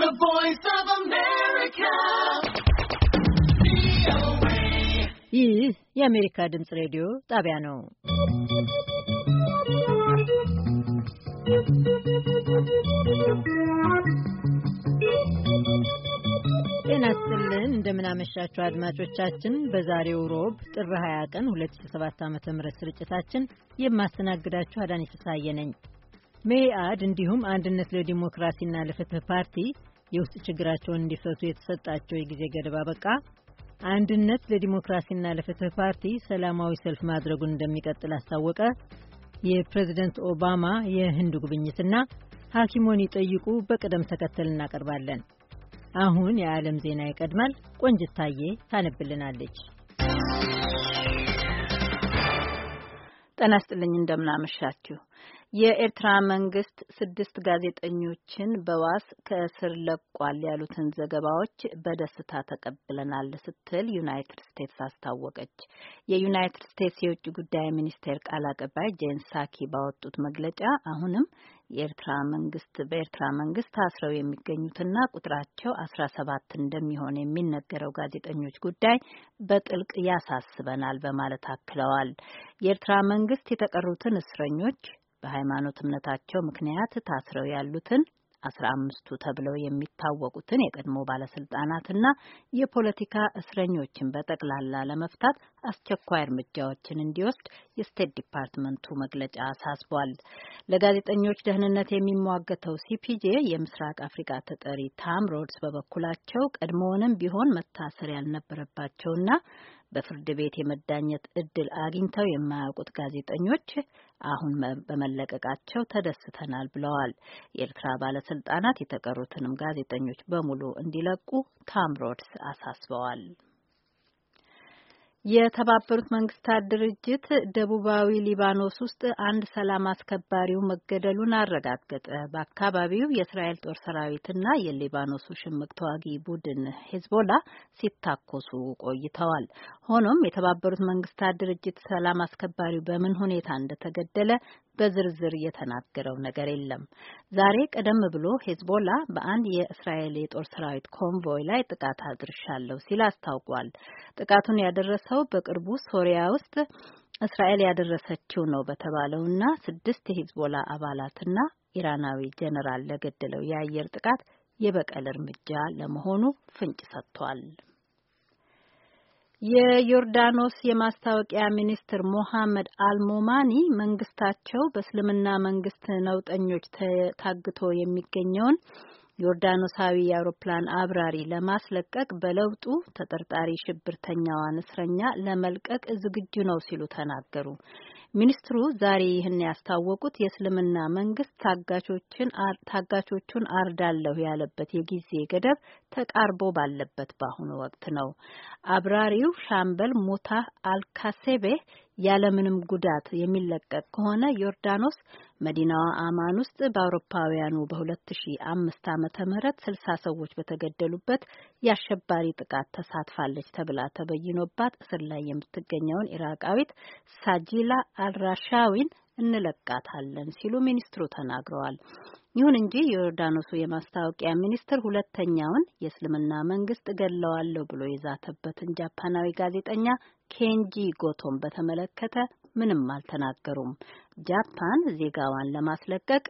The Voice of America. ይህ የአሜሪካ ድምፅ ሬዲዮ ጣቢያ ነው። ጤና ይስጥልን፣ እንደምናመሻችሁ አድማጮቻችን። በዛሬው ሮብ ጥር 20 ቀን 2007 ም ስርጭታችን የማስተናግዳችሁ አዳነች ፍስሐዬ ነኝ። መኢአድ እንዲሁም አንድነት ለዲሞክራሲና ለፍትህ ፓርቲ የውስጥ ችግራቸውን እንዲፈቱ የተሰጣቸው የጊዜ ገደብ አበቃ። አንድነት ለዲሞክራሲና ለፍትህ ፓርቲ ሰላማዊ ሰልፍ ማድረጉን እንደሚቀጥል አስታወቀ። የፕሬዝደንት ኦባማ የህንድ ጉብኝትና ሐኪሞን ይጠይቁ በቅደም ተከተል እናቀርባለን። አሁን የዓለም ዜና ይቀድማል። ቆንጅታዬ ታነብልናለች። ጤና ይስጥልኝ እንደምናመሻችሁ የኤርትራ መንግስት ስድስት ጋዜጠኞችን በዋስ ከእስር ለቋል ያሉትን ዘገባዎች በደስታ ተቀብለናል ስትል ዩናይትድ ስቴትስ አስታወቀች። የዩናይትድ ስቴትስ የውጭ ጉዳይ ሚኒስቴር ቃል አቀባይ ጄን ሳኪ ባወጡት መግለጫ አሁንም የኤርትራ መንግስት በኤርትራ መንግስት ታስረው የሚገኙትና ቁጥራቸው አስራ ሰባት እንደሚሆን የሚነገረው ጋዜጠኞች ጉዳይ በጥልቅ ያሳስበናል በማለት አክለዋል። የኤርትራ መንግስት የተቀሩትን እስረኞች በሃይማኖት እምነታቸው ምክንያት ታስረው ያሉትን አስራ አምስቱ ተብለው የሚታወቁትን የቀድሞ ባለስልጣናትና የፖለቲካ እስረኞችን በጠቅላላ ለመፍታት አስቸኳይ እርምጃዎችን እንዲወስድ የስቴት ዲፓርትመንቱ መግለጫ አሳስቧል። ለጋዜጠኞች ደህንነት የሚሟገተው ሲፒጄ የምስራቅ አፍሪካ ተጠሪ ታም ሮድስ በበኩላቸው ቀድሞውንም ቢሆን መታሰር ያልነበረባቸውና በፍርድ ቤት የመዳኘት እድል አግኝተው የማያውቁት ጋዜጠኞች አሁን በመለቀቃቸው ተደስተናል ብለዋል። የኤርትራ ባለስልጣናት የተቀሩትንም ጋዜጠኞች በሙሉ እንዲለቁ ታምሮድስ አሳስበዋል። የተባበሩት መንግስታት ድርጅት ደቡባዊ ሊባኖስ ውስጥ አንድ ሰላም አስከባሪው መገደሉን አረጋገጠ። በአካባቢው የእስራኤል ጦር ሰራዊትና የሊባኖሱ ሽምቅ ተዋጊ ቡድን ሄዝቦላ ሲታኮሱ ቆይተዋል። ሆኖም የተባበሩት መንግስታት ድርጅት ሰላም አስከባሪው በምን ሁኔታ እንደተገደለ በዝርዝር የተናገረው ነገር የለም። ዛሬ ቀደም ብሎ ሄዝቦላ በአንድ የእስራኤል የጦር ሰራዊት ኮንቮይ ላይ ጥቃት አድርሻለሁ ሲል አስታውቋል። ጥቃቱን ያደረሰው በቅርቡ ሶሪያ ውስጥ እስራኤል ያደረሰችው ነው በተባለውና ስድስት የሂዝቦላ አባላትና ኢራናዊ ጀነራል ለገደለው የአየር ጥቃት የበቀል እርምጃ ለመሆኑ ፍንጭ ሰጥቷል። የዮርዳኖስ የማስታወቂያ ሚኒስትር ሞሐመድ አልሞማኒ መንግስታቸው በእስልምና መንግስት ነውጠኞች ታግቶ የሚገኘውን ዮርዳኖሳዊ የአውሮፕላን አብራሪ ለማስለቀቅ በለውጡ ተጠርጣሪ ሽብርተኛዋን እስረኛ ለመልቀቅ ዝግጁ ነው ሲሉ ተናገሩ። ሚኒስትሩ ዛሬ ይህን ያስታወቁት የእስልምና መንግስት ታጋቾቹን አርዳለሁ ያለበት የጊዜ ገደብ ተቃርቦ ባለበት በአሁኑ ወቅት ነው። አብራሪው ሻምበል ሞታ አልካሴቤ ያለምንም ጉዳት የሚለቀቅ ከሆነ ዮርዳኖስ መዲናዋ አማን ውስጥ በአውሮፓውያኑ በ2005 ዓመተ ምህረት 60 ሰዎች በተገደሉበት የአሸባሪ ጥቃት ተሳትፋለች ተብላ ተበይኖባት እስር ላይ የምትገኘውን ኢራቃዊት ሳጂላ አልራሻዊን እንለቃታለን ሲሉ ሚኒስትሩ ተናግረዋል። ይሁን እንጂ የዮርዳኖሱ የማስታወቂያ ሚኒስትር ሁለተኛውን የእስልምና መንግስት እገለዋለሁ ብሎ የዛተበትን ጃፓናዊ ጋዜጠኛ ኬንጂ ጎቶን በተመለከተ ምንም አልተናገሩም። ጃፓን ዜጋዋን ለማስለቀቅ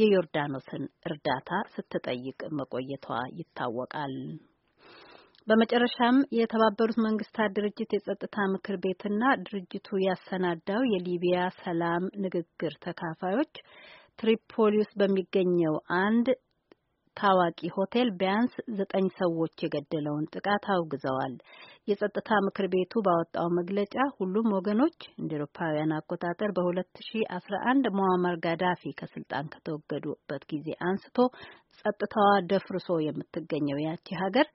የዮርዳኖስን እርዳታ ስትጠይቅ መቆየቷ ይታወቃል። በመጨረሻም የተባበሩት መንግስታት ድርጅት የጸጥታ ምክር ቤትና ድርጅቱ ያሰናዳው የሊቢያ ሰላም ንግግር ተካፋዮች ትሪፖሊ ውስጥ በሚገኘው አንድ ታዋቂ ሆቴል ቢያንስ ዘጠኝ ሰዎች የገደለውን ጥቃት አውግዘዋል። የጸጥታ ምክር ቤቱ ባወጣው መግለጫ ሁሉም ወገኖች እንደ ኤሮፓውያን አቆጣጠር በ2011 ሞአመር ጋዳፊ ከስልጣን ከተወገዱበት ጊዜ አንስቶ ጸጥታዋ ደፍርሶ የምትገኘው ያቺ ሀገር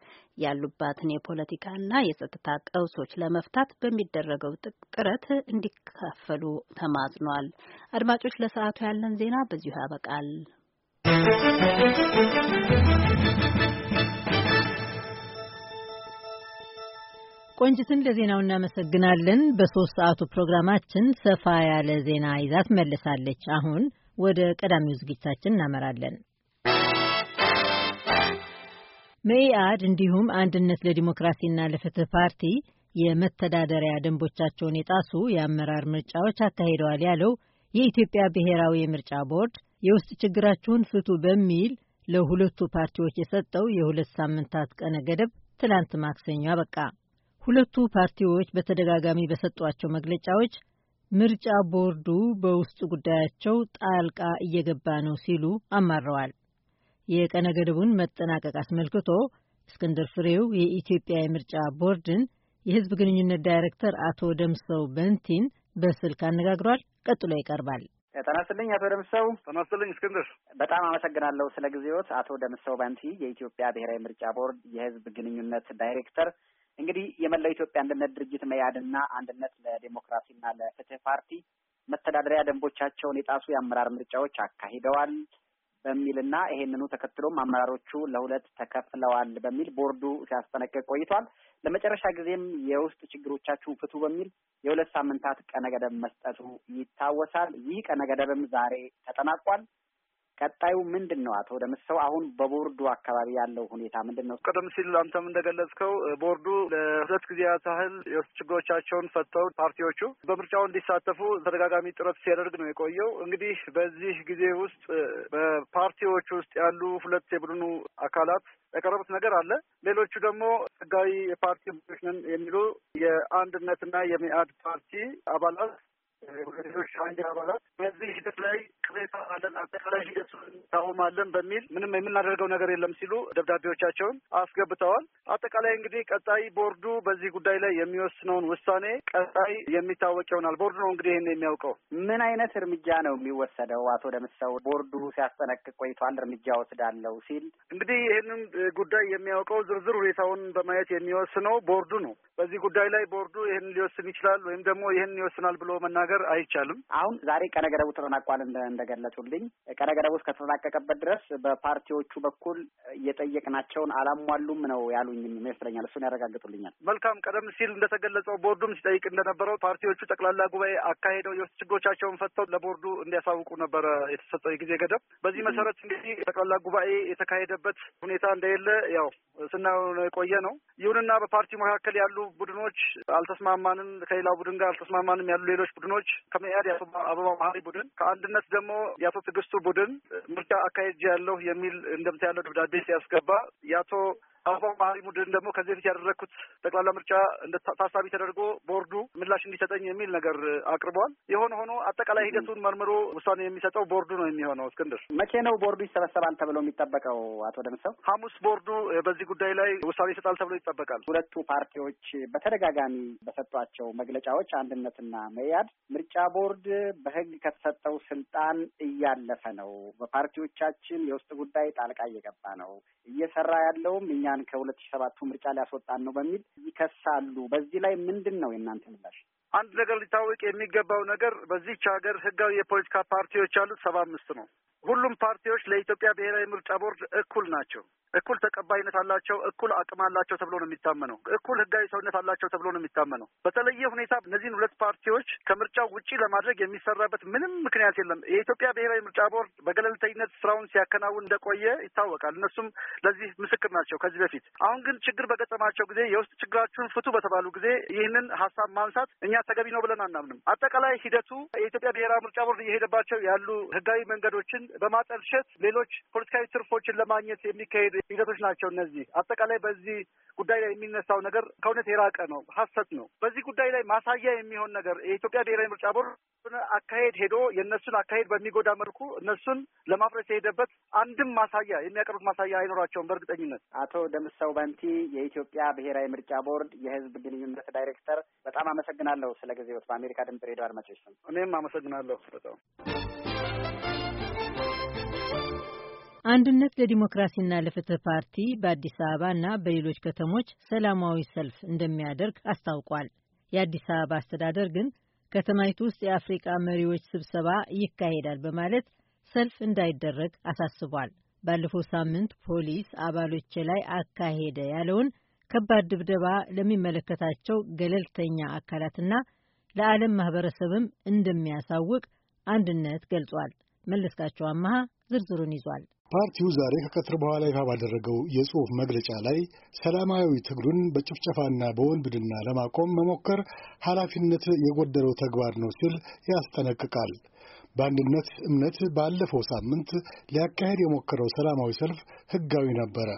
ያሉባትን የፖለቲካና የጸጥታ ቀውሶች ለመፍታት በሚደረገው ጥረት እንዲካፈሉ ተማጽኗል። አድማጮች፣ ለሰዓቱ ያለን ዜና በዚሁ ያበቃል። ቆንጅትን ለዜናው እናመሰግናለን። በሶስት ሰዓቱ ፕሮግራማችን ሰፋ ያለ ዜና ይዛ ትመለሳለች። አሁን ወደ ቀዳሚው ዝግጅታችን እናመራለን። መኢአድ እንዲሁም አንድነት ለዲሞክራሲና ለፍትህ ፓርቲ የመተዳደሪያ ደንቦቻቸውን የጣሱ የአመራር ምርጫዎች አካሂደዋል ያለው የኢትዮጵያ ብሔራዊ የምርጫ ቦርድ የውስጥ ችግራችሁን ፍቱ በሚል ለሁለቱ ፓርቲዎች የሰጠው የሁለት ሳምንታት ቀነ ገደብ ትላንት ማክሰኞ አበቃ። ሁለቱ ፓርቲዎች በተደጋጋሚ በሰጧቸው መግለጫዎች ምርጫ ቦርዱ በውስጥ ጉዳያቸው ጣልቃ እየገባ ነው ሲሉ አማረዋል። የቀነ ገደቡን መጠናቀቅ አስመልክቶ እስክንድር ፍሬው የኢትዮጵያ የምርጫ ቦርድን የሕዝብ ግንኙነት ዳይሬክተር አቶ ደምሰው በንቲን በስልክ አነጋግሯል። ቀጥሎ ይቀርባል። ጤና አቶ ደምሰው። ጤና እስክንድር። በጣም አመሰግናለሁ ስለ ጊዜዎት አቶ ደምሰው ባንቲ፣ የኢትዮጵያ ብሔራዊ ምርጫ ቦርድ የህዝብ ግንኙነት ዳይሬክተር። እንግዲህ የመላው ኢትዮጵያ አንድነት ድርጅት መያድና አንድነት ለዴሞክራሲና ለፍትህ ፓርቲ መተዳደሪያ ደንቦቻቸውን የጣሱ የአመራር ምርጫዎች አካሂደዋል። በሚልና ይሄንኑ ተከትሎም አመራሮቹ ለሁለት ተከፍለዋል በሚል ቦርዱ ሲያስጠነቅቅ ቆይቷል። ለመጨረሻ ጊዜም የውስጥ ችግሮቻችሁ ፍቱ በሚል የሁለት ሳምንታት ቀነ ገደብ መስጠቱ ይታወሳል። ይህ ቀነ ገደብም ዛሬ ተጠናቋል። ቀጣዩ ምንድን ነው? አቶ ደምሰው አሁን በቦርዱ አካባቢ ያለው ሁኔታ ምንድን ነው? ቀደም ሲል አንተም እንደገለጽከው ቦርዱ ለሁለት ጊዜያት ያህል ችግሮቻቸውን ፈተው ፓርቲዎቹ በምርጫው እንዲሳተፉ ተደጋጋሚ ጥረት ሲያደርግ ነው የቆየው። እንግዲህ በዚህ ጊዜ ውስጥ በፓርቲዎች ውስጥ ያሉ ሁለት የቡድኑ አካላት ያቀረቡት ነገር አለ። ሌሎቹ ደግሞ ህጋዊ የፓርቲ መሪዎች ነን የሚሉ የአንድነትና የሚአድ ፓርቲ አባላት ሌሎች አንድ አባላት በዚህ ሂደት ላይ ቅሬታ አለን፣ አጠቃላይ ሂደቱ ታቆማለን በሚል ምንም የምናደርገው ነገር የለም ሲሉ ደብዳቤዎቻቸውን አስገብተዋል። አጠቃላይ እንግዲህ ቀጣይ ቦርዱ በዚህ ጉዳይ ላይ የሚወስነውን ውሳኔ ቀጣይ የሚታወቅ ይሆናል። ቦርዱ ነው እንግዲህ ይህን የሚያውቀው። ምን አይነት እርምጃ ነው የሚወሰደው? አቶ ደምሰው ቦርዱ ሲያስጠነቅቅ ቆይቷል፣ እርምጃ ወስዳለው ሲል እንግዲህ ይህንም ጉዳይ የሚያውቀው ዝርዝር ሁኔታውን በማየት የሚወስነው ቦርዱ ነው። በዚህ ጉዳይ ላይ ቦርዱ ይህን ሊወስን ይችላል ወይም ደግሞ ይህን ይወስናል ብሎ መናገር ነገር አይቻልም። አሁን ዛሬ ቀነ ገደቡ ተጠናቋል እንደገለጹልኝ፣ ቀነ ገደቡ እስከተጠናቀቀበት ድረስ በፓርቲዎቹ በኩል እየጠየቅናቸውን አላሟሉም ነው ያሉኝ ይመስለኛል። እሱን ያረጋግጡልኛል። መልካም። ቀደም ሲል እንደተገለጸው ቦርዱም ሲጠይቅ እንደነበረው ፓርቲዎቹ ጠቅላላ ጉባኤ አካሄደው የውስጥ ችግሮቻቸውን ፈተው ለቦርዱ እንዲያሳውቁ ነበረ የተሰጠው የጊዜ ገደብ። በዚህ መሰረት እንግዲህ ጠቅላላ ጉባኤ የተካሄደበት ሁኔታ እንደሌለ ያው ስናየው የቆየ ነው። ይሁንና በፓርቲ መካከል ያሉ ቡድኖች አልተስማማንም፣ ከሌላ ቡድን ጋር አልተስማማንም ያሉ ሌሎች ቡድኖች ፓርቲዎች ከመያድ የአቶ አበባው መሀሪ ቡድን ከአንድነት ደግሞ የአቶ ትዕግስቱ ቡድን ምርጫ አካሄጅ ያለው የሚል እንደምታ ያለው ደብዳቤ ሲያስገባ የአቶ አበባው ባህሪ ሙድን ደግሞ ከዚህ በፊት ያደረግኩት ጠቅላላ ምርጫ እንደ ታሳቢ ተደርጎ ቦርዱ ምላሽ እንዲሰጠኝ የሚል ነገር አቅርቧል። የሆነ ሆኖ አጠቃላይ ሂደቱን መርምሮ ውሳኔ የሚሰጠው ቦርዱ ነው የሚሆነው። እስክንድር፣ መቼ ነው ቦርዱ ይሰበሰባል ተብሎ የሚጠበቀው? አቶ ደምሰው፣ ሐሙስ ቦርዱ በዚህ ጉዳይ ላይ ውሳኔ ይሰጣል ተብሎ ይጠበቃል። ሁለቱ ፓርቲዎች በተደጋጋሚ በሰጧቸው መግለጫዎች አንድነትና መያድ ምርጫ ቦርድ በህግ ከተሰጠው ስልጣን እያለፈ ነው፣ በፓርቲዎቻችን የውስጥ ጉዳይ ጣልቃ እየገባ ነው፣ እየሰራ ያለውም እኛ እኛን ከሁለት ሺ ሰባቱ ምርጫ ሊያስወጣን ነው በሚል ይከሳሉ። በዚህ ላይ ምንድን ነው የእናንተ ምላሽ? አንድ ነገር ሊታወቅ የሚገባው ነገር በዚች ሀገር ህጋዊ የፖለቲካ ፓርቲዎች ያሉት ሰባ አምስት ነው። ሁሉም ፓርቲዎች ለኢትዮጵያ ብሔራዊ ምርጫ ቦርድ እኩል ናቸው፣ እኩል ተቀባይነት አላቸው፣ እኩል አቅም አላቸው ተብሎ ነው የሚታመነው፣ እኩል ህጋዊ ሰውነት አላቸው ተብሎ ነው የሚታመነው። በተለየ ሁኔታ እነዚህን ሁለት ፓርቲዎች ከምርጫው ውጪ ለማድረግ የሚሰራበት ምንም ምክንያት የለም። የኢትዮጵያ ብሔራዊ ምርጫ ቦርድ በገለልተኝነት ስራውን ሲያከናውን እንደቆየ ይታወቃል። እነሱም ለዚህ ምስክር ናቸው ከዚህ በፊት። አሁን ግን ችግር በገጠማቸው ጊዜ የውስጥ ችግራችሁን ፍቱ በተባሉ ጊዜ ይህንን ሀሳብ ማንሳት እኛ ተገቢ ነው ብለን አናምንም። አጠቃላይ ሂደቱ የኢትዮጵያ ብሔራዊ ምርጫ ቦርድ እየሄደባቸው ያሉ ህጋዊ መንገዶችን በማጠልሸት ሌሎች ፖለቲካዊ ትርፎችን ለማግኘት የሚካሄድ ሂደቶች ናቸው እነዚህ። አጠቃላይ በዚህ ጉዳይ ላይ የሚነሳው ነገር ከእውነት የራቀ ነው፣ ሀሰት ነው። በዚህ ጉዳይ ላይ ማሳያ የሚሆን ነገር የኢትዮጵያ ብሔራዊ ምርጫ ቦርድ አካሄድ ሄዶ የእነሱን አካሄድ በሚጎዳ መልኩ እነሱን ለማፍረስ የሄደበት አንድም ማሳያ የሚያቀርቡት ማሳያ አይኖራቸውም በእርግጠኝነት። አቶ ደምሰው ባንቲ የኢትዮጵያ ብሔራዊ ምርጫ ቦርድ የህዝብ ግንኙነት ዳይሬክተር፣ በጣም አመሰግናለሁ ስለ ጊዜዎት። በአሜሪካ ድምጽ ሬዲዮ አድማጮች ስም እኔም አመሰግናለሁ በጣም አንድነት ለዲሞክራሲና ለፍትህ ፓርቲ በአዲስ አበባና በሌሎች ከተሞች ሰላማዊ ሰልፍ እንደሚያደርግ አስታውቋል። የአዲስ አበባ አስተዳደር ግን ከተማይቱ ውስጥ የአፍሪቃ መሪዎች ስብሰባ ይካሄዳል በማለት ሰልፍ እንዳይደረግ አሳስቧል። ባለፈው ሳምንት ፖሊስ አባሎች ላይ አካሄደ ያለውን ከባድ ድብደባ ለሚመለከታቸው ገለልተኛ አካላትና ለዓለም ማህበረሰብም እንደሚያሳውቅ አንድነት ገልጿል። መለስካቸው አመሃ ዝርዝሩን ይዟል። ፓርቲው ዛሬ ከቀትር በኋላ ይፋ ባደረገው የጽሑፍ መግለጫ ላይ ሰላማዊ ትግሉን በጭፍጨፋና በወንብድና ለማቆም መሞከር ኃላፊነት የጎደለው ተግባር ነው ሲል ያስጠነቅቃል። በአንድነት እምነት ባለፈው ሳምንት ሊያካሄድ የሞከረው ሰላማዊ ሰልፍ ሕጋዊ ነበረ።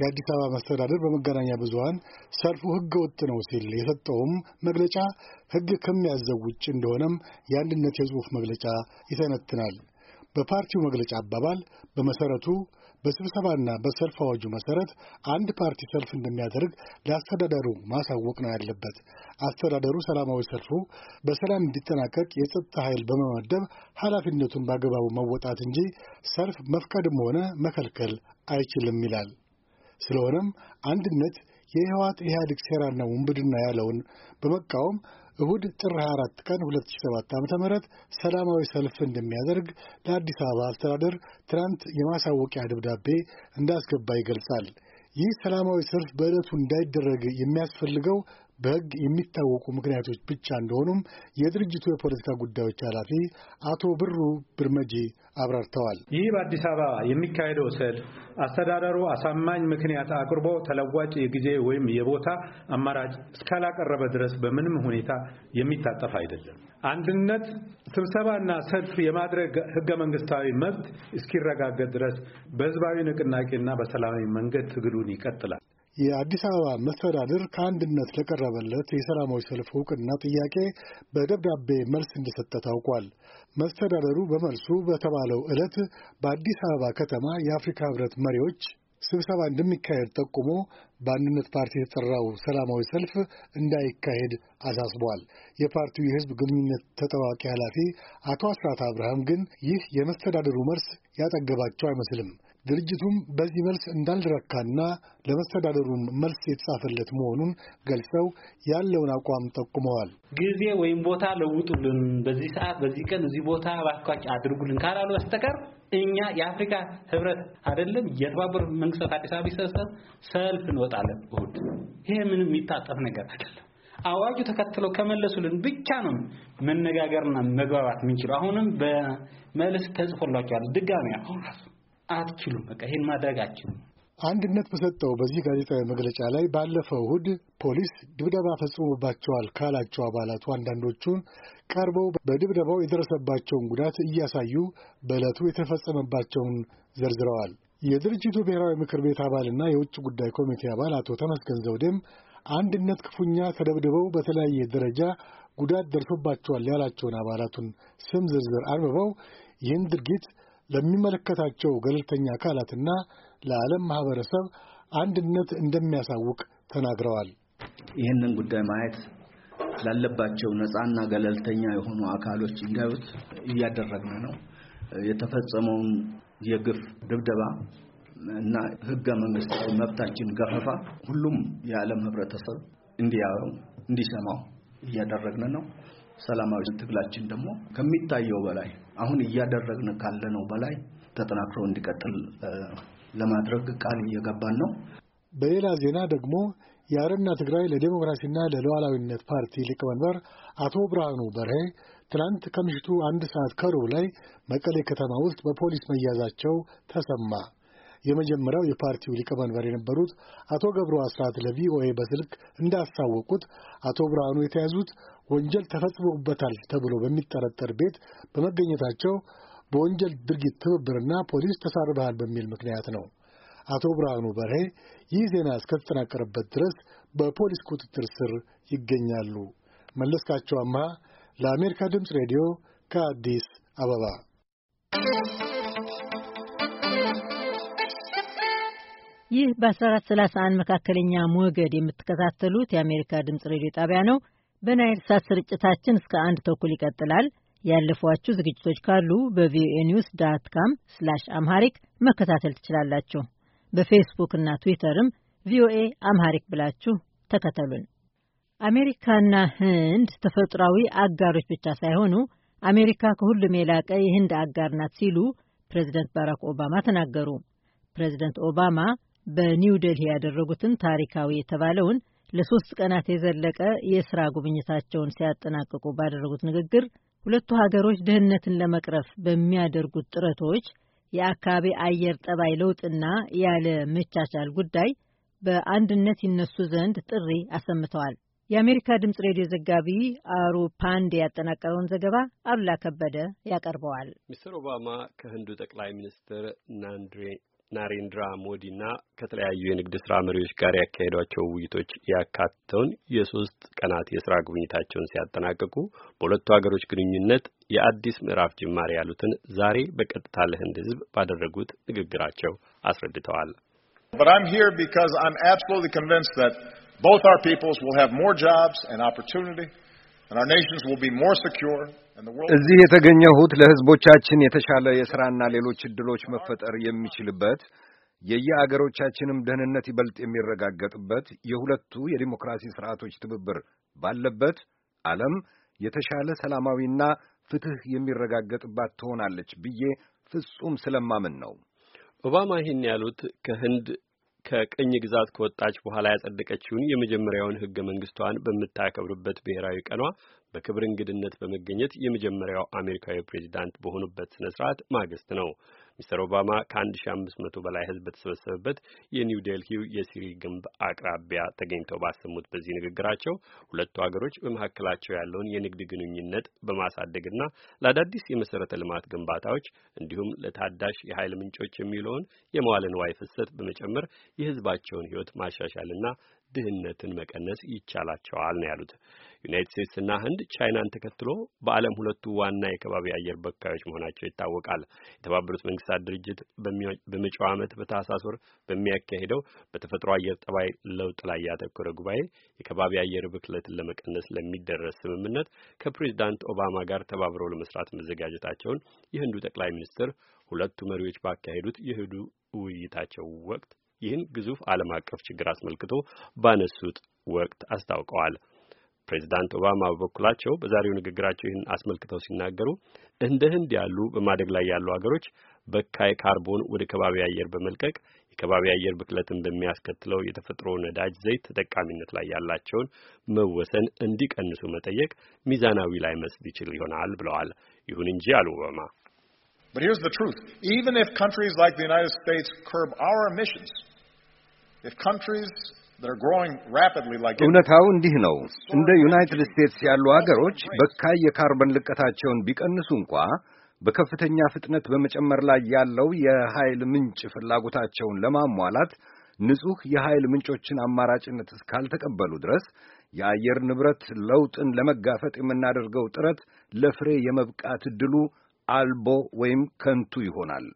የአዲስ አበባ መስተዳደር በመገናኛ ብዙኃን ሰልፉ ሕገ ወጥ ነው ሲል የሰጠውም መግለጫ ሕግ ከሚያዘው ውጭ እንደሆነም የአንድነት የጽሑፍ መግለጫ ይተነትናል። በፓርቲው መግለጫ አባባል በመሰረቱ በስብሰባና በሰልፍ አዋጁ መሰረት አንድ ፓርቲ ሰልፍ እንደሚያደርግ ለአስተዳደሩ ማሳወቅ ነው ያለበት። አስተዳደሩ ሰላማዊ ሰልፉ በሰላም እንዲጠናቀቅ የጸጥታ ኃይል በመመደብ ኃላፊነቱን በአግባቡ መወጣት እንጂ ሰልፍ መፍቀድም ሆነ መከልከል አይችልም ይላል። ስለሆነም አንድነት የህወሓት ኢህአዴግ ሴራና ውንብድና ያለውን በመቃወም እሁድ ጥር 24 ቀን 2007 ዓ.ም ሰላማዊ ሰልፍ እንደሚያደርግ ለአዲስ አበባ አስተዳደር ትናንት የማሳወቂያ ደብዳቤ እንዳስገባ ይገልጻል። ይህ ሰላማዊ ሰልፍ በዕለቱ እንዳይደረግ የሚያስፈልገው በሕግ የሚታወቁ ምክንያቶች ብቻ እንደሆኑም የድርጅቱ የፖለቲካ ጉዳዮች ኃላፊ አቶ ብሩ ብርመጂ አብራርተዋል። ይህ በአዲስ አበባ የሚካሄደው ሰልፍ አስተዳደሩ አሳማኝ ምክንያት አቅርቦ ተለዋጭ የጊዜ ወይም የቦታ አማራጭ እስካላቀረበ ድረስ በምንም ሁኔታ የሚታጠፍ አይደለም። አንድነት ስብሰባና ሰልፍ የማድረግ ህገ መንግስታዊ መብት እስኪረጋገጥ ድረስ በህዝባዊ ንቅናቄና በሰላማዊ መንገድ ትግሉን ይቀጥላል። የአዲስ አበባ መስተዳድር ከአንድነት ለቀረበለት የሰላማዊ ሰልፍ እውቅና ጥያቄ በደብዳቤ መልስ እንደሰጠ ታውቋል። መስተዳደሩ በመልሱ በተባለው ዕለት በአዲስ አበባ ከተማ የአፍሪካ ህብረት መሪዎች ስብሰባ እንደሚካሄድ ጠቁሞ በአንድነት ፓርቲ የተጠራው ሰላማዊ ሰልፍ እንዳይካሄድ አሳስቧል። የፓርቲው የህዝብ ግንኙነት ተጠዋቂ ኃላፊ አቶ አስራት አብርሃም ግን ይህ የመስተዳደሩ መልስ ያጠገባቸው አይመስልም። ድርጅቱም በዚህ መልስ እንዳልረካና ለመስተዳደሩም መልስ የተጻፈለት መሆኑን ገልጸው ያለውን አቋም ጠቁመዋል። ጊዜ ወይም ቦታ ለውጡልን፣ በዚህ ሰዓት፣ በዚህ ቀን፣ እዚህ ቦታ ባካች አድርጉልን ካላሉ በስተቀር እኛ የአፍሪካ ህብረት አይደለም የተባበሩት መንግስታት አዲስ አበባ ቢሰበሰብ ሰልፍ እንወጣለን እሑድ። ይሄ ምንም የሚታጠፍ ነገር አይደለም። አዋጁ ተከትለው ከመለሱልን ብቻ ነው መነጋገርና መግባባት የምንችለው። አሁንም በመልስ ተጽፎላቸዋል ድጋሚ አሁን ራሱ አትችሉም። በቃ ይህን ማድረግ አትችሉም። አንድነት በሰጠው በዚህ ጋዜጣዊ መግለጫ ላይ ባለፈው እሁድ ፖሊስ ድብደባ ፈጽሞባቸዋል ካላቸው አባላቱ አንዳንዶቹን ቀርበው በድብደባው የደረሰባቸውን ጉዳት እያሳዩ በዕለቱ የተፈጸመባቸውን ዘርዝረዋል። የድርጅቱ ብሔራዊ ምክር ቤት አባልና የውጭ ጉዳይ ኮሚቴ አባል አቶ ተመስገን ዘውዴም አንድነት ክፉኛ ተደብድበው በተለያየ ደረጃ ጉዳት ደርሶባቸዋል ያላቸውን አባላቱን ስም ዝርዝር አንብበው ይህን ድርጊት ለሚመለከታቸው ገለልተኛ አካላትና ለዓለም ማህበረሰብ አንድነት እንደሚያሳውቅ ተናግረዋል። ይህንን ጉዳይ ማየት ላለባቸው ነፃና ገለልተኛ የሆኑ አካሎች እንዳዩት እያደረግን ነው። የተፈጸመውን የግፍ ድብደባ እና ህገ መንግስታዊ መብታችን ገፈፋ ሁሉም የዓለም ህብረተሰብ እንዲያየው እንዲሰማው እያደረግን ነው። ሰላማዊ ትግላችን ደግሞ ከሚታየው በላይ አሁን እያደረግን ካለነው በላይ ተጠናክሮ እንዲቀጥል ለማድረግ ቃል እየገባን ነው። በሌላ ዜና ደግሞ የአረና ትግራይ ለዴሞክራሲና ለሉዓላዊነት ፓርቲ ሊቀመንበር አቶ ብርሃኑ በርሄ ትናንት ከምሽቱ አንድ ሰዓት ከሩብ ላይ መቀሌ ከተማ ውስጥ በፖሊስ መያዛቸው ተሰማ። የመጀመሪያው የፓርቲው ሊቀመንበር የነበሩት አቶ ገብሩ አስራት ለቪኦኤ በስልክ እንዳስታወቁት አቶ ብርሃኑ የተያዙት ወንጀል ተፈጽሞበታል ተብሎ በሚጠረጠር ቤት በመገኘታቸው በወንጀል ድርጊት ትብብርና ፖሊስ ተሳርበሃል በሚል ምክንያት ነው። አቶ ብርሃኑ በርሄ ይህ ዜና እስከተጠናቀረበት ድረስ በፖሊስ ቁጥጥር ስር ይገኛሉ። መለስካቸው አምሃ ለአሜሪካ ድምፅ ሬዲዮ ከአዲስ አበባ ይህ በ1431 መካከለኛ ሞገድ የምትከታተሉት የአሜሪካ ድምፅ ሬዲዮ ጣቢያ ነው። በናይል ሳት ስርጭታችን እስከ አንድ ተኩል ይቀጥላል። ያለፏችሁ ዝግጅቶች ካሉ በቪኦኤ ኒውስ ዳት ካም ስላሽ አምሃሪክ መከታተል ትችላላችሁ። በፌስቡክ እና ትዊተርም ቪኦኤ አምሃሪክ ብላችሁ ተከተሉን። አሜሪካና ህንድ ተፈጥሯዊ አጋሮች ብቻ ሳይሆኑ አሜሪካ ከሁሉም የላቀ የህንድ አጋር ናት ሲሉ ፕሬዚደንት ባራክ ኦባማ ተናገሩ። ፕሬዚደንት ኦባማ በኒው ያደረጉትን ታሪካዊ የተባለውን ለሶስት ቀናት የዘለቀ የስራ ጉብኝታቸውን ሲያጠናቅቁ ባደረጉት ንግግር ሁለቱ ሀገሮች ድህነትን ለመቅረፍ በሚያደርጉት ጥረቶች የአካባቢ አየር ጠባይ ለውጥና ያለ መቻቻል ጉዳይ በአንድነት ይነሱ ዘንድ ጥሪ አሰምተዋል። የአሜሪካ ድምፅ ሬዲዮ ዘጋቢ አሩ ፓንድ ያጠናቀረውን ዘገባ አሉላ ከበደ ያቀርበዋል። ሚስተር ኦባማ ከህንዱ ጠቅላይ ሚኒስትር ናሬንድራ ሞዲ እና ከተለያዩ የንግድ ስራ መሪዎች ጋር ያካሄዷቸው ውይይቶች ያካትተውን የሶስት ቀናት የስራ ጉብኝታቸውን ሲያጠናቀቁ በሁለቱ ሀገሮች ግንኙነት የአዲስ ምዕራፍ ጅማሬ ያሉትን ዛሬ በቀጥታ ለህንድ ህዝብ ባደረጉት ንግግራቸው አስረድተዋል። But I'm here because I'm absolutely convinced that both our peoples will have more jobs and opportunity and our nations will be more secure. እዚህ የተገኘሁት ለህዝቦቻችን የተሻለ የሥራና ሌሎች ዕድሎች መፈጠር የሚችልበት የየአገሮቻችንም ደህንነት ይበልጥ የሚረጋገጥበት የሁለቱ የዲሞክራሲ ስርዓቶች ትብብር ባለበት ዓለም የተሻለ ሰላማዊና ፍትሕ የሚረጋገጥባት ትሆናለች ብዬ ፍጹም ስለማምን ነው። ኦባማ ይህን ያሉት ከህንድ ከቅኝ ግዛት ከወጣች በኋላ ያጸደቀችውን የመጀመሪያውን ህገ መንግስቷን በምታከብርበት ብሔራዊ ቀኗ በክብር እንግድነት በመገኘት የመጀመሪያው አሜሪካዊ ፕሬዚዳንት በሆኑበት ስነ ስርዓት ማግስት ነው። ሚስተር ኦባማ ከ1500 በላይ ህዝብ በተሰበሰበበት የኒው ዴልሂው የሲሪ ግንብ አቅራቢያ ተገኝተው ባሰሙት በዚህ ንግግራቸው ሁለቱ ሀገሮች በመካከላቸው ያለውን የንግድ ግንኙነት በማሳደግና ለአዳዲስ የመሰረተ ልማት ግንባታዎች እንዲሁም ለታዳሽ የኃይል ምንጮች የሚለውን የመዋለ ንዋይ ፍሰት በመጨመር የህዝባቸውን ህይወት ማሻሻልና ድህነትን መቀነስ ይቻላቸዋል ነው ያሉት። ዩናይትድ ስቴትስና ህንድ ቻይናን ተከትሎ በዓለም ሁለቱ ዋና የከባቢ አየር በካዮች መሆናቸው ይታወቃል። የተባበሩት መንግስታት ድርጅት በመጪው ዓመት በታህሳስ ወር በሚያካሄደው በተፈጥሮ አየር ጠባይ ለውጥ ላይ ያተኮረ ጉባኤ የከባቢ አየር ብክለትን ለመቀነስ ለሚደረስ ስምምነት ከፕሬዚዳንት ኦባማ ጋር ተባብረው ለመስራት መዘጋጀታቸውን የህንዱ ጠቅላይ ሚኒስትር ሁለቱ መሪዎች ባካሄዱት የህዱ ውይይታቸው ወቅት ይህን ግዙፍ ዓለም አቀፍ ችግር አስመልክቶ ባነሱት ወቅት አስታውቀዋል። ፕሬዚዳንት ኦባማ በበኩላቸው በዛሬው ንግግራቸው ይህን አስመልክተው ሲናገሩ እንደ ህንድ ያሉ በማደግ ላይ ያሉ ሀገሮች በካይ ካርቦን ወደ ከባቢ አየር በመልቀቅ የከባቢ አየር ብክለትን በሚያስከትለው የተፈጥሮ ነዳጅ ዘይት ተጠቃሚነት ላይ ያላቸውን መወሰን እንዲቀንሱ መጠየቅ ሚዛናዊ ላይ መስል ይችል ይሆናል ብለዋል። ይሁን እንጂ አሉ ኦባማ But here's the truth. Even if countries like the United States curb our emissions, if countries እውነታው እንዲህ ነው። እንደ ዩናይትድ ስቴትስ ያሉ አገሮች በካይ የካርበን ልቀታቸውን ቢቀንሱ እንኳ በከፍተኛ ፍጥነት በመጨመር ላይ ያለው የኃይል ምንጭ ፍላጎታቸውን ለማሟላት ንጹሕ የኃይል ምንጮችን አማራጭነት እስካልተቀበሉ ድረስ የአየር ንብረት ለውጥን ለመጋፈጥ የምናደርገው ጥረት ለፍሬ የመብቃት ዕድሉ አልቦ ወይም ከንቱ ይሆናል።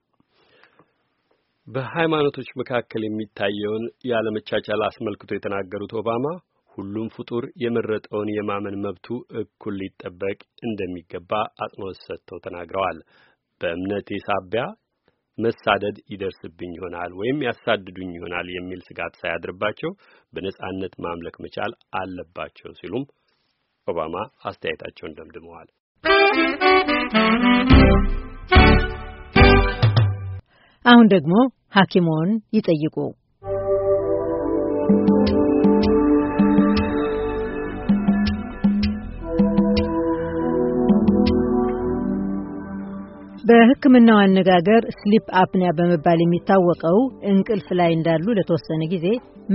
በሃይማኖቶች መካከል የሚታየውን ያለመቻቻል አስመልክቶ የተናገሩት ኦባማ ሁሉም ፍጡር የመረጠውን የማመን መብቱ እኩል ሊጠበቅ እንደሚገባ አጽንኦት ሰጥተው ተናግረዋል። በእምነቴ ሳቢያ መሳደድ ይደርስብኝ ይሆናል ወይም ያሳድዱኝ ይሆናል የሚል ስጋት ሳያድርባቸው በነጻነት ማምለክ መቻል አለባቸው ሲሉም ኦባማ አስተያየታቸውን ደምድመዋል። አሁን ደግሞ ሐኪሞን ይጠይቁ። በሕክምናው አነጋገር ስሊፕ አፕኒያ በመባል የሚታወቀው እንቅልፍ ላይ እንዳሉ ለተወሰነ ጊዜ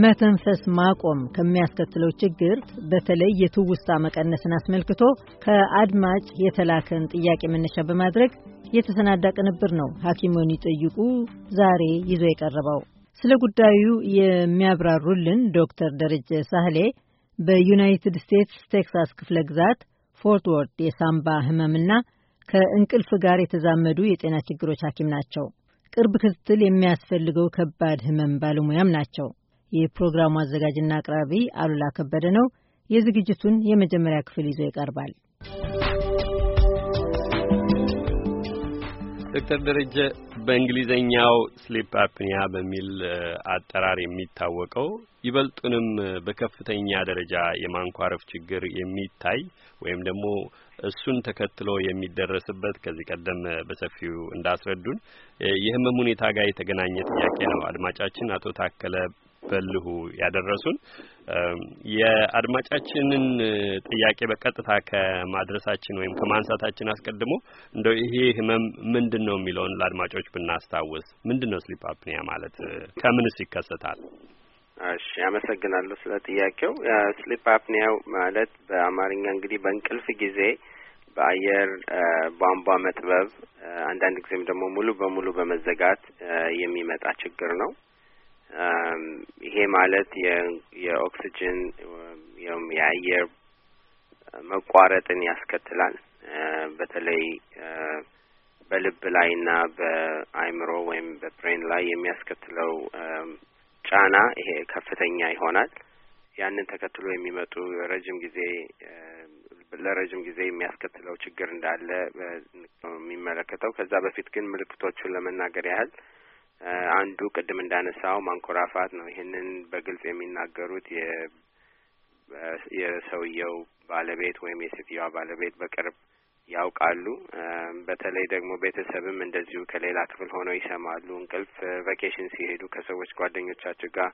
መተንፈስ ማቆም ከሚያስከትለው ችግር በተለይ የትውስታ መቀነስን አስመልክቶ ከአድማጭ የተላከን ጥያቄ መነሻ በማድረግ የተሰናዳ ቅንብር ነው። ሐኪሙን ይጠይቁ ዛሬ ይዞ የቀረበው ስለ ጉዳዩ የሚያብራሩልን ዶክተር ደረጀ ሳህሌ በዩናይትድ ስቴትስ ቴክሳስ ክፍለ ግዛት ፎርት ወርድ የሳምባ ህመምና ከእንቅልፍ ጋር የተዛመዱ የጤና ችግሮች ሐኪም ናቸው። ቅርብ ክትትል የሚያስፈልገው ከባድ ህመም ባለሙያም ናቸው። የፕሮግራሙ አዘጋጅና አቅራቢ አሉላ ከበደ ነው። የዝግጅቱን የመጀመሪያ ክፍል ይዞ ይቀርባል። ዶክተር ደረጀ በእንግሊዘኛው ስሊፕ አፕኒያ በሚል አጠራር የሚታወቀው ይበልጡንም በከፍተኛ ደረጃ የማንኳረፍ ችግር የሚታይ ወይም ደግሞ እሱን ተከትሎ የሚደረስበት ከዚህ ቀደም በሰፊው እንዳስረዱን የህመም ሁኔታ ጋር የተገናኘ ጥያቄ ነው። አድማጫችን አቶ ታከለ በልሁ ያደረሱን የአድማጫችንን ጥያቄ በቀጥታ ከማድረሳችን ወይም ከማንሳታችን አስቀድሞ እንደው ይሄ ህመም ምንድን ነው የሚለውን ለአድማጮች ብናስታውስ ምንድን ነው ስሊፕ አፕኒያ ማለት ከምንስ ይከሰታል? እሺ አመሰግናለሁ ስለ ጥያቄው። ስሊፕ ማለት በአማርኛ እንግዲህ በእንቅልፍ ጊዜ በአየር ቧንቧ መጥበብ፣ አንዳንድ ጊዜም ደግሞ ሙሉ በሙሉ በመዘጋት የሚመጣ ችግር ነው። Um, ይሄ ማለት የኦክስጅን ወይም የአየር መቋረጥን ያስከትላል። uh, በተለይ uh, በልብ ላይ እና በአይምሮ ወይም በብሬን ላይ የሚያስከትለው um, ጫና ይሄ ከፍተኛ ይሆናል። ያንን ተከትሎ የሚመጡ ረጅም ጊዜ uh, ለረጅም ጊዜ የሚያስከትለው ችግር እንዳለ የሚመለከተው። ከዛ በፊት ግን ምልክቶቹን ለመናገር ያህል አንዱ ቅድም እንዳነሳው ማንኮራፋት ነው። ይህንን በግልጽ የሚናገሩት የሰውየው ባለቤት ወይም የሴትዮዋ ባለቤት በቅርብ ያውቃሉ። በተለይ ደግሞ ቤተሰብም እንደዚሁ ከሌላ ክፍል ሆነው ይሰማሉ። እንቅልፍ ቬኬሽን ሲሄዱ ከሰዎች ጓደኞቻቸው ጋር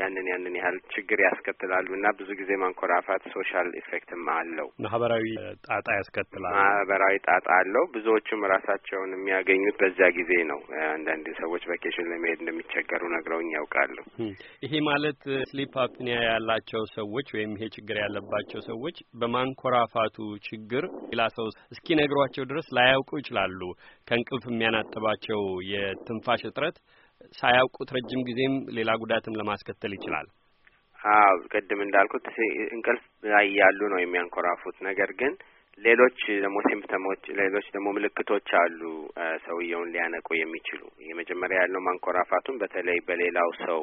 ያንን ያንን ያህል ችግር ያስከትላሉ እና ብዙ ጊዜ ማንኮራፋት ሶሻል ኢፌክትም አለው። ማህበራዊ ጣጣ ያስከትላል። ማህበራዊ ጣጣ አለው። ብዙዎቹም ራሳቸውን የሚያገኙት በዚያ ጊዜ ነው። አንዳንድ ሰዎች ቫኬሽን ለመሄድ እንደሚቸገሩ ነግረውኝ ያውቃሉ። ይሄ ማለት ስሊፕ አፕኒያ ያላቸው ሰዎች ወይም ይሄ ችግር ያለባቸው ሰዎች በማንኮራፋቱ ችግር ሌላ ሰው ነግሯቸው ድረስ ላያውቁ ይችላሉ። ከእንቅልፍ የሚያናጥባቸው የትንፋሽ እጥረት ሳያውቁት ረጅም ጊዜም ሌላ ጉዳትም ለማስከተል ይችላል። አዎ ቅድም እንዳልኩት እንቅልፍ ላይ ያሉ ነው የሚያንኮራፉት። ነገር ግን ሌሎች ደግሞ ሲምፕተሞች፣ ሌሎች ደግሞ ምልክቶች አሉ ሰውየውን ሊያነቁ የሚችሉ። የመጀመሪያ ያለው ማንኮራፋቱን በተለይ በሌላው ሰው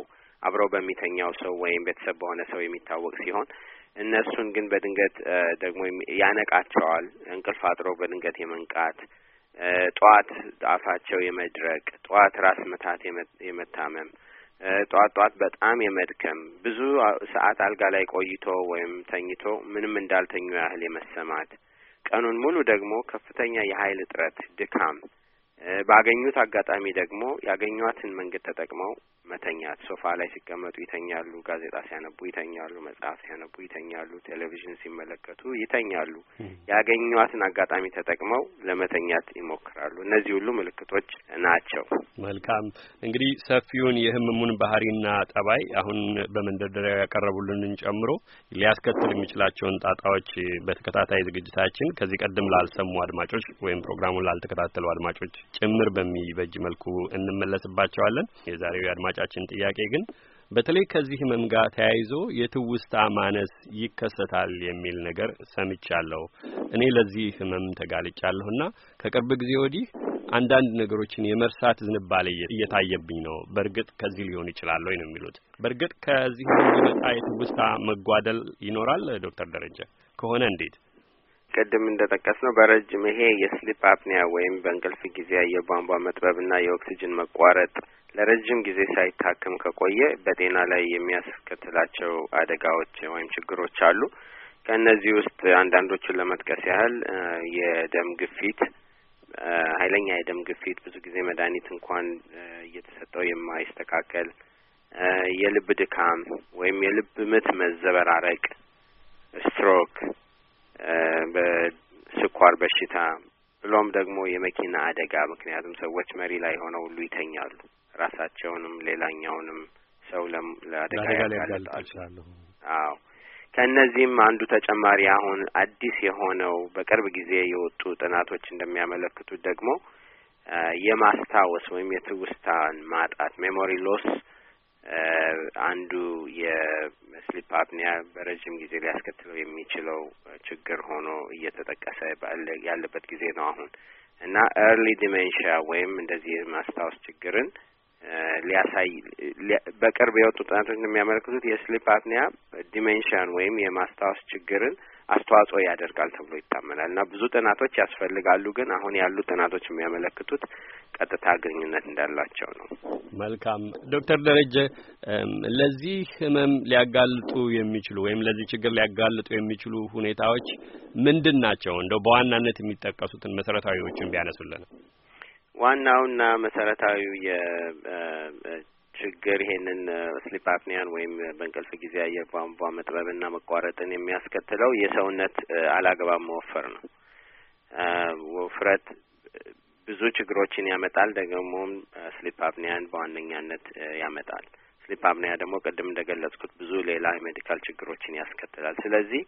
አብሮ በሚተኛው ሰው ወይም ቤተሰብ በሆነ ሰው የሚታወቅ ሲሆን እነሱን ግን በድንገት ደግሞ ያነቃቸዋል። እንቅልፍ አጥሮ በድንገት የመንቃት ጠዋት አፋቸው የመድረቅ ጠዋት ራስ መታት የመታመም ጠዋት ጠዋት በጣም የመድከም ብዙ ሰዓት አልጋ ላይ ቆይቶ ወይም ተኝቶ ምንም እንዳልተኙ ያህል የመሰማት ቀኑን ሙሉ ደግሞ ከፍተኛ የኃይል እጥረት ድካም፣ ባገኙት አጋጣሚ ደግሞ ያገኟትን መንገድ ተጠቅመው መተኛት። ሶፋ ላይ ሲቀመጡ ይተኛሉ፣ ጋዜጣ ሲያነቡ ይተኛሉ፣ መጽሐፍ ሲያነቡ ይተኛሉ፣ ቴሌቪዥን ሲመለከቱ ይተኛሉ። ያገኟትን አጋጣሚ ተጠቅመው ለመተኛት ይሞክራሉ። እነዚህ ሁሉ ምልክቶች ናቸው። መልካም እንግዲህ ሰፊውን የህመሙን ባህሪና ጠባይ አሁን በመንደርደሪያው ያቀረቡልንን ጨምሮ ሊያስከትል የሚችላቸውን ጣጣዎች በተከታታይ ዝግጅታችን ከዚህ ቀደም ላልሰሙ አድማጮች ወይም ፕሮግራሙን ላልተከታተሉ አድማጮች ጭምር በሚበጅ መልኩ እንመለስባቸዋለን። የዛሬው የአድማጭ የአድማጫችን ጥያቄ ግን በተለይ ከዚህ ህመም ጋር ተያይዞ የትውስታ ማነስ ይከሰታል የሚል ነገር ሰምቻለሁ። እኔ ለዚህ ህመም ተጋልጫለሁና ከቅርብ ጊዜ ወዲህ አንዳንድ ነገሮችን የመርሳት ዝንባሌ እየታየብኝ ነው። በእርግጥ ከዚህ ሊሆን ይችላል ወይ ነው የሚሉት። በእርግጥ ከዚህ የሚመጣ የትውስታ መጓደል ይኖራል? ዶክተር ደረጀ ከሆነ እንዴት? ቅድም ጠቀስ ነው በረጅም ይሄ የስሊፕ አፕኒያ ወይም በእንቅልፍ ጊዜ የቧንቧ መጥበብና የኦክሲጅን መቋረጥ ለረጅም ጊዜ ሳይታክም ከቆየ በጤና ላይ የሚያስከትላቸው አደጋዎች ወይም ችግሮች አሉ። ከእነዚህ ውስጥ አንዳንዶቹን ለመጥቀስ ያህል የደም ግፊት፣ ኃይለኛ የደም ግፊት፣ ብዙ ጊዜ መድኃኒት እንኳን እየተሰጠው የማይስተካከል የልብ ድካም ወይም የልብ ምት መዘበራረቅ፣ ስትሮክ፣ በስኳር በሽታ ብሎም ደግሞ የመኪና አደጋ። ምክንያቱም ሰዎች መሪ ላይ ሆነው ሁሉ ይተኛሉ። ራሳቸውንም ሌላኛውንም ሰው ለአደጋ ያጋልጣሉ። አዎ ከእነዚህም አንዱ ተጨማሪ አሁን አዲስ የሆነው በቅርብ ጊዜ የወጡ ጥናቶች እንደሚያመለክቱት ደግሞ የማስታወስ ወይም የትውስታን ማጣት ሜሞሪ ሎስ አንዱ የስሊፕ አፕኒያ በረዥም ጊዜ ሊያስከትለው የሚችለው ችግር ሆኖ እየተጠቀሰ ያለበት ጊዜ ነው አሁን እና ኤርሊ ዲሜንሽያ ወይም እንደዚህ የማስታወስ ችግርን ሊያሳይ በቅርብ የወጡ ጥናቶች እንደሚያመለክቱት የስሊፕ አፕኒያ ዲሜንሽን ወይም የማስታወስ ችግርን አስተዋጽኦ ያደርጋል ተብሎ ይታመናል እና ብዙ ጥናቶች ያስፈልጋሉ፣ ግን አሁን ያሉ ጥናቶች የሚያመለክቱት ቀጥታ ግንኙነት እንዳላቸው ነው። መልካም ዶክተር ደረጀ ለዚህ ህመም ሊያጋልጡ የሚችሉ ወይም ለዚህ ችግር ሊያጋልጡ የሚችሉ ሁኔታዎች ምንድን ናቸው? እንደው በዋናነት የሚጠቀሱትን መሰረታዊዎችን ቢያነሱልን። ዋናውና መሰረታዊው ችግር ይሄንን ስሊፕ አፕኒያን ወይም በእንቅልፍ ጊዜ አየር ቧንቧ መጥበብና መቋረጥን የሚያስከትለው የሰውነት አላግባብ መወፈር ነው። ውፍረት ብዙ ችግሮችን ያመጣል። ደግሞም ስሊፕ አፕኒያን በዋነኛነት ያመጣል። ስሊፕ አፕኒያ ደግሞ ቅድም እንደገለጽኩት ብዙ ሌላ የሜዲካል ችግሮችን ያስከትላል። ስለዚህ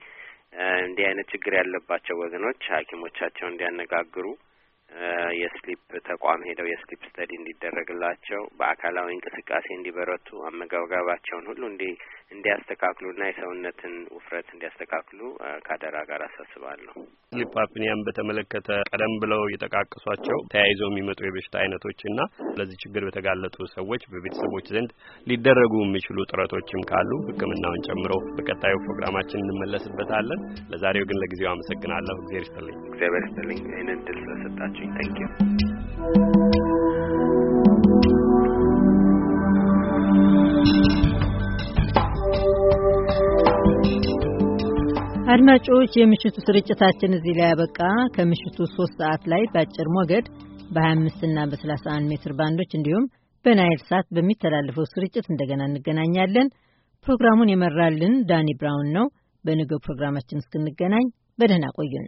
እንዲህ አይነት ችግር ያለባቸው ወገኖች ሐኪሞቻቸውን እንዲያነጋግሩ የስሊፕ ተቋም ሄደው የስሊፕ ስተዲ እንዲደረግላቸው፣ በአካላዊ እንቅስቃሴ እንዲበረቱ፣ አመጋገባቸውን ሁሉ እንዲ እንዲያስተካክሉና የሰውነትን ውፍረት እንዲያስተካክሉ ካደራ ጋር አሳስባለሁ። ሂፓፕኒያን በተመለከተ ቀደም ብለው የጠቃቀሷቸው ተያይዘው የሚመጡ የበሽታ አይነቶችና ለዚህ ችግር በተጋለጡ ሰዎች በቤተሰቦች ዘንድ ሊደረጉ የሚችሉ ጥረቶችም ካሉ ሕክምናውን ጨምሮ በቀጣዩ ፕሮግራማችን እንመለስበታለን። ለዛሬው ግን ለጊዜው አመሰግናለሁ። እግዚአብሔር ይስጥልኝ። እግዚአብሔር ይስጥልኝ። ይህንን ድል ስለሰጣችሁኝ ታንኪዩ። አድማጮች የምሽቱ ስርጭታችን እዚህ ላይ ያበቃ። ከምሽቱ ሶስት ሰዓት ላይ በአጭር ሞገድ በ25 እና በ31 ሜትር ባንዶች እንዲሁም በናይል ሳት በሚተላለፈው ስርጭት እንደገና እንገናኛለን። ፕሮግራሙን የመራልን ዳኒ ብራውን ነው። በነገው ፕሮግራማችን እስክንገናኝ በደህና ቆዩን።